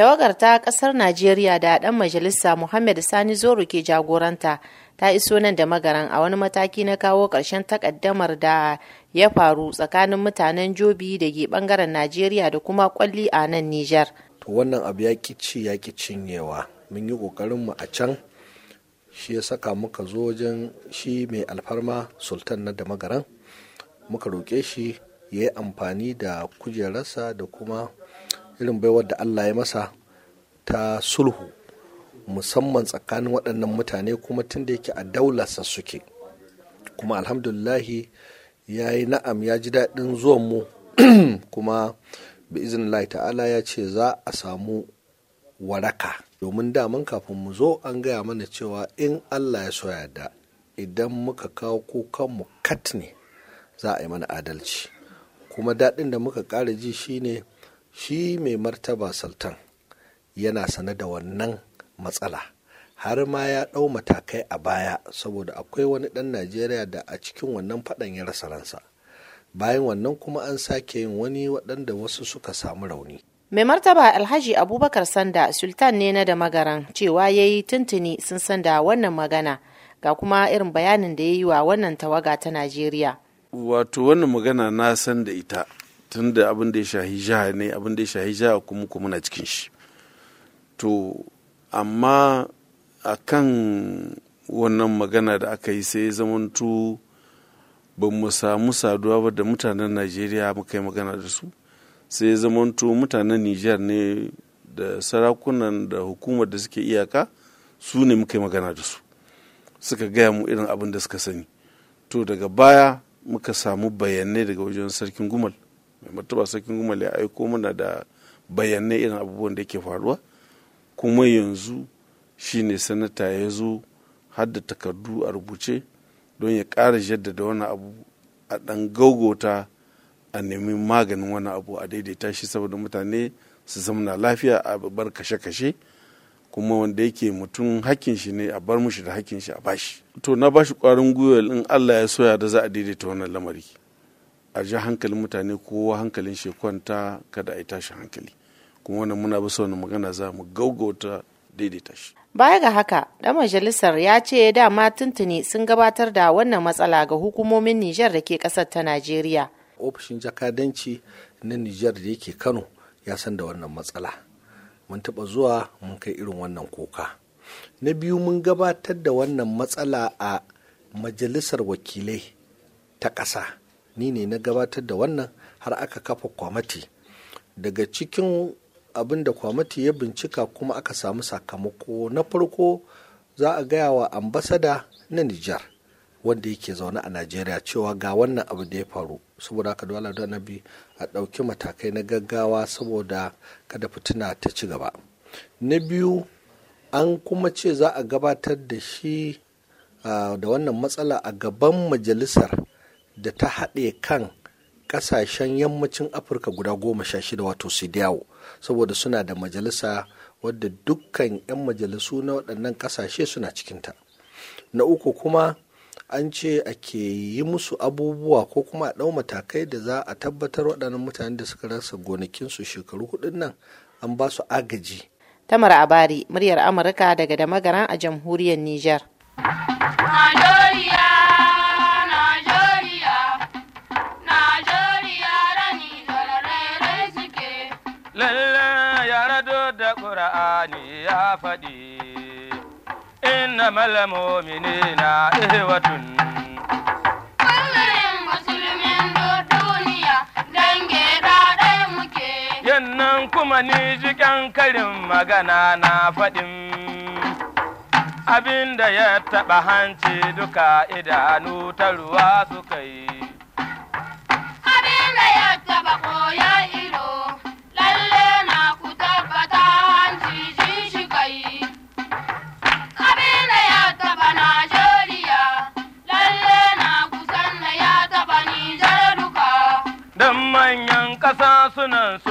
tawagar ta kasar najeriya da dan majalisa muhammad sani zoro ke jagoranta ta iso nan da magaran a wani mataki na kawo ƙarshen takaddamar da ya faru tsakanin mutanen jobi da ke bangaren najeriya da kuma kwalli a nan nijar to wannan abu ya ci ya ki cinyewa mun yi ƙoƙarin mu a can shi ya saka muka zo wajen shi mai alfarma sultan na da magaran muka roƙe shi ya yi amfani da kujerarsa da kuma irin baiwar da Allah ya masa ta sulhu musamman tsakanin waɗannan mutane kuma tun da yake a daularsa suke kuma alhamdulillahi ya yi na'am ya ji daɗin zuwan mu kuma bi izinin ta'ala ya ce za a samu waraka domin daman kafin mu zo an gaya mana cewa in Allah ya soya da idan muka kawo kukanmu kat ne za a yi mana adalci kuma daɗin da muka ƙara ji shine shi mai martaba sultan yana sane da wannan matsala har ma ya ɗau matakai a baya saboda akwai wani ɗan najeriya da a cikin wannan faɗan ya rasa ransa bayan wannan kuma an sake yin wani waɗanda wasu suka samu rauni mai martaba alhaji abubakar sanda sultan ne na da magaran cewa ya yi tuntuni sun sanda wannan magana ga kuma irin bayanin da ya yi wa wannan tawaga ta najeriya wato wannan magana na san da ita tun da abin da ya shahi jiha ne abin da ya shahi jiha kuma kuma na cikin shi to amma a kan wannan magana da aka yi sai zamantu ba mu samu saduwa ba da mutanen najeriya muka yi magana da su sai zamantu mutanen nijar ne da sarakunan da hukumar da suke iyaka su ne muka yi magana da su suka gaya mu irin abin da suka sani to daga baya muka samu bayanai daga wajen sarkin gumal mai martaba sarkin goma ya aiko mana da bayanai irin abubuwan da ke faruwa kuma yanzu shi ne sanata ya zo har takardu a rubuce don ya kara jaddada wani abu a ɗan gaugota a nemi maganin wani abu a daidaita shi saboda mutane su zamana lafiya a bar kashe-kashe kuma wanda yake mutum hakkin shi ne a bar mushi da hakkin shi a bashi to na bashi kwarin gwiwa in allah ya soya da za a daidaita wannan lamari a ji hankalin mutane kowa hankalin shi kwanta kada a yi tashi hankali kuma wannan muna bi sauna magana za mu gaugauta daidaita shi baya ga haka ɗan majalisar ya ce dama tuntuni sun gabatar da wannan matsala ga hukumomin nijar da ke ƙasar ta najeriya ofishin jakadanci na nijar da yake kano ya san da wannan matsala mun taɓa zuwa mun kai irin wannan koka na biyu mun gabatar da wannan matsala a majalisar wakilai ta ƙasa ni ne na gabatar da wannan har aka kafa kwamati daga cikin abin da kwamati ya bincika kuma aka samu sakamako na farko za a gaya wa ambasada na nijar wanda yake zaune a najeriya cewa ga wannan abu da ya faru saboda haka dole da nabi a ɗauki matakai na gaggawa saboda kada fitina ta ci gaba na biyu an kuma ce za a gabatar da shi ah, da wannan matsala a gaban majalisar da ta haɗe kan ƙasashen yammacin afirka guda goma sha shida wato sidiyawo saboda suna da majalisa wadda dukkan 'yan majalisu na waɗannan ƙasashe suna cikinta na uku kuma an ce ake yi musu abubuwa ko kuma a ɗau matakai da za a tabbatar waɗannan mutanen da suka rasa gonakinsu shekaru hudun nan an ba su agaji tamar abari muryar amurka daga da a jamhuriyar niger alkur'ani ya faɗi inna malamomini na ihwatun yannan kuma ni jikin karin magana na faɗin abinda ya taba hanci duka idanu ta suka yi abinda ya taɓa koya सुना